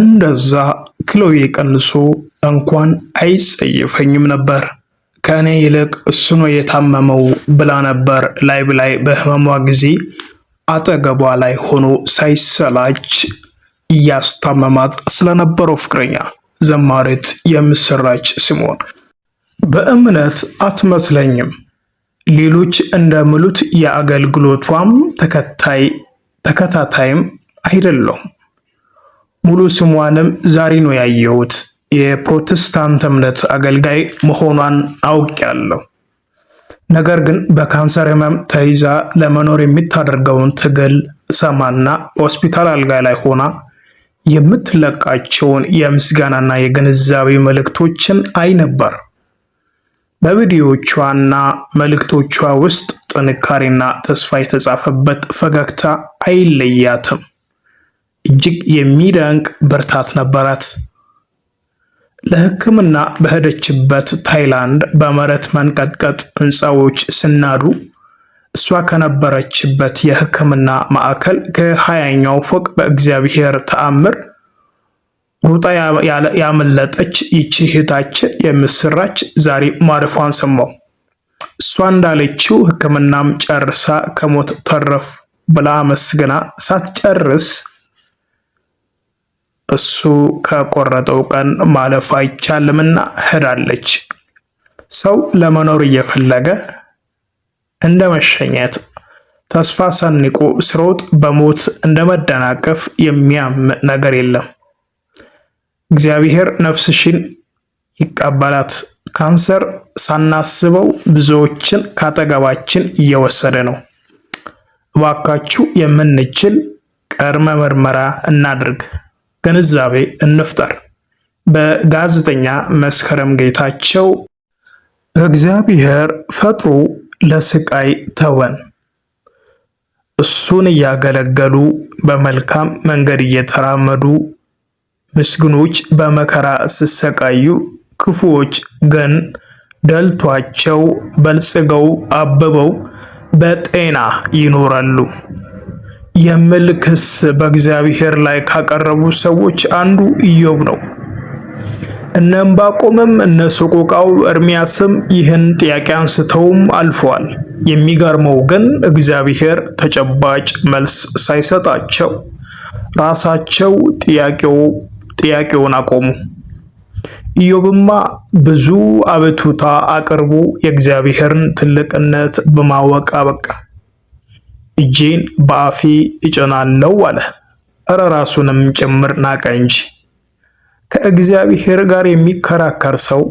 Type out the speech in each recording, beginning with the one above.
እንደዛ ክሎዬ ቀንሶ እንኳን አይጸየፈኝም ነበር። ከእኔ ይልቅ እሱ ነው የታመመው ብላ ነበር ላይ ብላይ በህመሟ ጊዜ አጠገቧ ላይ ሆኖ ሳይሰላች እያስታመማት ስለነበረው ፍቅረኛ ዘማሪት የምስራች ሲሞን በእምነት አትመስለኝም፣ ሌሎች እንደምሉት የአገልግሎቷም ተከታይ ተከታታይም አይደለሁም። ሙሉ ስሟንም ዛሬ ነው ያየሁት። የፕሮቴስታንት እምነት አገልጋይ መሆኗን አውቄያለሁ። ነገር ግን በካንሰር ህመም ተይዛ ለመኖር የምታደርገውን ትግል ሰማና ሆስፒታል አልጋ ላይ ሆና የምትለቃቸውን የምስጋናና የግንዛቤ መልእክቶችን አይ ነበር። በቪዲዮቿና መልእክቶቿ ውስጥ ጥንካሬና ተስፋ የተጻፈበት ፈገግታ አይለያትም። እጅግ የሚደንቅ ብርታት ነበራት። ለሕክምና በሄደችበት ታይላንድ በመሬት መንቀጥቀጥ ሕንፃዎች ሲናዱ እሷ ከነበረችበት የሕክምና ማዕከል ከሀያኛው ፎቅ በእግዚአብሔር ተአምር ሩጣ ያመለጠች ይቺ እህታችን የምስራች ዛሬ ማረፏን ሰማው። እሷ እንዳለችው ሕክምናም ጨርሳ ከሞት ተረፉ ብላ መስግና ሳትጨርስ እሱ ከቆረጠው ቀን ማለፍ አይቻልምና ሄዳለች። ሰው ለመኖር እየፈለገ እንደ መሸኘት ተስፋ ሰንቆ ስሮጥ በሞት እንደ መደናቀፍ የሚያም ነገር የለም። እግዚአብሔር ነፍስሽን ይቀበላት። ካንሰር ሳናስበው ብዙዎችን ካጠገባችን እየወሰደ ነው። እባካችሁ የምንችል ቀድመ ምርመራ እናድርግ። ግንዛቤ እንፍጠር። በጋዜጠኛ መስከረም ጌታቸው እግዚአብሔር ፈጥሮ ለስቃይ ተወን፣ እሱን እያገለገሉ በመልካም መንገድ እየተራመዱ ምስግኖች በመከራ ሲሰቃዩ፣ ክፉዎች ግን ደልቷቸው በልጽገው አብበው በጤና ይኖራሉ። የሚል ክስ በእግዚአብሔር ላይ ካቀረቡ ሰዎች አንዱ ኢዮብ ነው። እነ ዕንባቆምም እነ ሰቆቃው ኤርምያስም ይህን ጥያቄ አንስተውም አልፈዋል። የሚገርመው ግን እግዚአብሔር ተጨባጭ መልስ ሳይሰጣቸው ራሳቸው ጥያቄው ጥያቄውን አቆሙ። ኢዮብማ ብዙ አቤቱታ አቅርቦ የእግዚአብሔርን ትልቅነት በማወቅ አበቃ። እጄን በአፌ እጨናለው አለ። እረ ራሱንም ጭምር ናቀ እንጂ። ከእግዚአብሔር ጋር የሚከራከር ሰው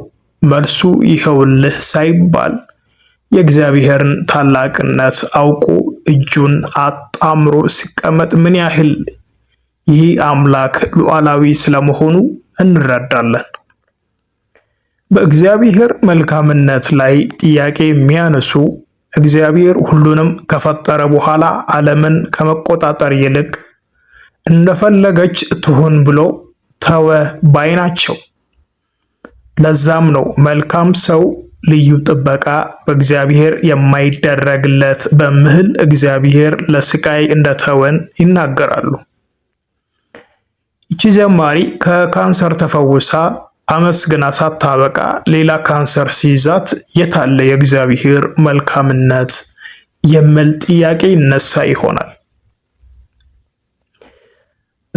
መልሱ ይኸውልህ ሳይባል የእግዚአብሔርን ታላቅነት አውቆ እጁን አጣምሮ ሲቀመጥ ምን ያህል ይህ አምላክ ሉዓላዊ ስለመሆኑ እንረዳለን። በእግዚአብሔር መልካምነት ላይ ጥያቄ የሚያነሱ እግዚአብሔር ሁሉንም ከፈጠረ በኋላ ዓለምን ከመቆጣጠር ይልቅ እንደፈለገች ትሁን ብሎ ተወ ባይ ናቸው። ለዛም ነው መልካም ሰው ልዩ ጥበቃ በእግዚአብሔር የማይደረግለት በምህል እግዚአብሔር ለስቃይ እንደተወን ይናገራሉ። ይቺ ዘማሪ ከካንሰር ተፈውሳ አመስግና ሳታበቃ ሌላ ካንሰር ሲይዛት የታለ የእግዚአብሔር መልካምነት የሚል ጥያቄ ይነሳ ይሆናል።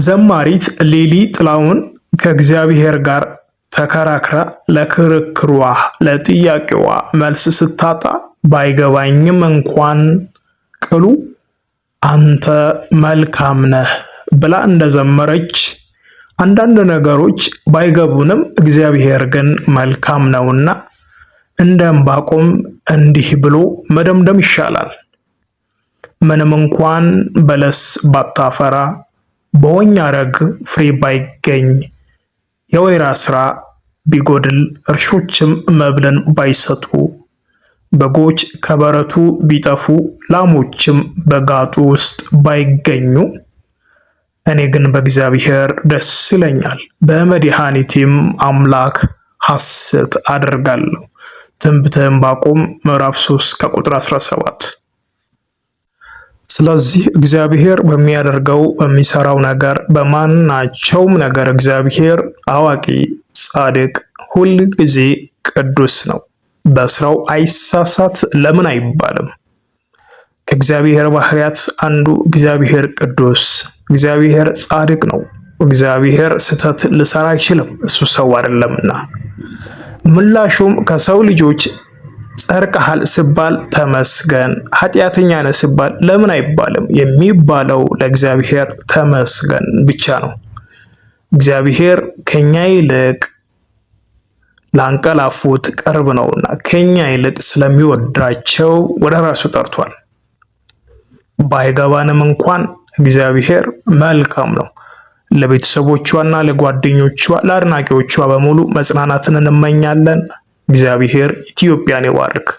ዘማሪት ሌሊ ጥላውን ከእግዚአብሔር ጋር ተከራክራ ለክርክሯ ለጥያቄዋ መልስ ስታጣ ባይገባኝም እንኳን ቅሉ አንተ መልካም ነህ ብላ እንደዘመረች አንዳንድ ነገሮች ባይገቡንም እግዚአብሔር ግን መልካም ነውና እንደ ዕንባቆም እንዲህ ብሎ መደምደም ይሻላል። ምንም እንኳን በለስ ባታፈራ፣ በወኛ ረግ ፍሬ ባይገኝ፣ የወይራ ስራ ቢጎድል፣ እርሾችም መብልን ባይሰጡ፣ በጎች ከበረቱ ቢጠፉ፣ ላሞችም በጋጡ ውስጥ ባይገኙ እኔ ግን በእግዚአብሔር ደስ ይለኛል፣ በመድኃኒቴም አምላክ ሐሴት አደርጋለሁ። ትንቢተ ዕንባቆም ምዕራፍ 3 ከቁጥር 17። ስለዚህ እግዚአብሔር በሚያደርገው በሚሰራው ነገር በማናቸውም ነገር እግዚአብሔር አዋቂ፣ ጻድቅ፣ ሁል ጊዜ ቅዱስ ነው። በስራው አይሳሳት ለምን አይባልም? ከእግዚአብሔር ባህሪያት አንዱ እግዚአብሔር ቅዱስ እግዚአብሔር ጻድቅ ነው። እግዚአብሔር ስህተት ልሰራ አይችልም፣ እሱ ሰው አይደለምና። ምላሹም ከሰው ልጆች ጸርቀሃል ስባል ተመስገን፣ ኃጢአተኛ ነህ ስባል ለምን አይባልም። የሚባለው ለእግዚአብሔር ተመስገን ብቻ ነው። እግዚአብሔር ከኛ ይልቅ ላንቀላፉት ቅርብ ነውና ከኛ ይልቅ ስለሚወዳቸው ወደ ራሱ ጠርቷል። ባይገባንም እንኳን እግዚአብሔር መልካም ነው። ለቤተሰቦቿና ለጓደኞቿ ለአድናቂዎቿ በሙሉ መጽናናትን እንመኛለን። እግዚአብሔር ኢትዮጵያን ይባርክ።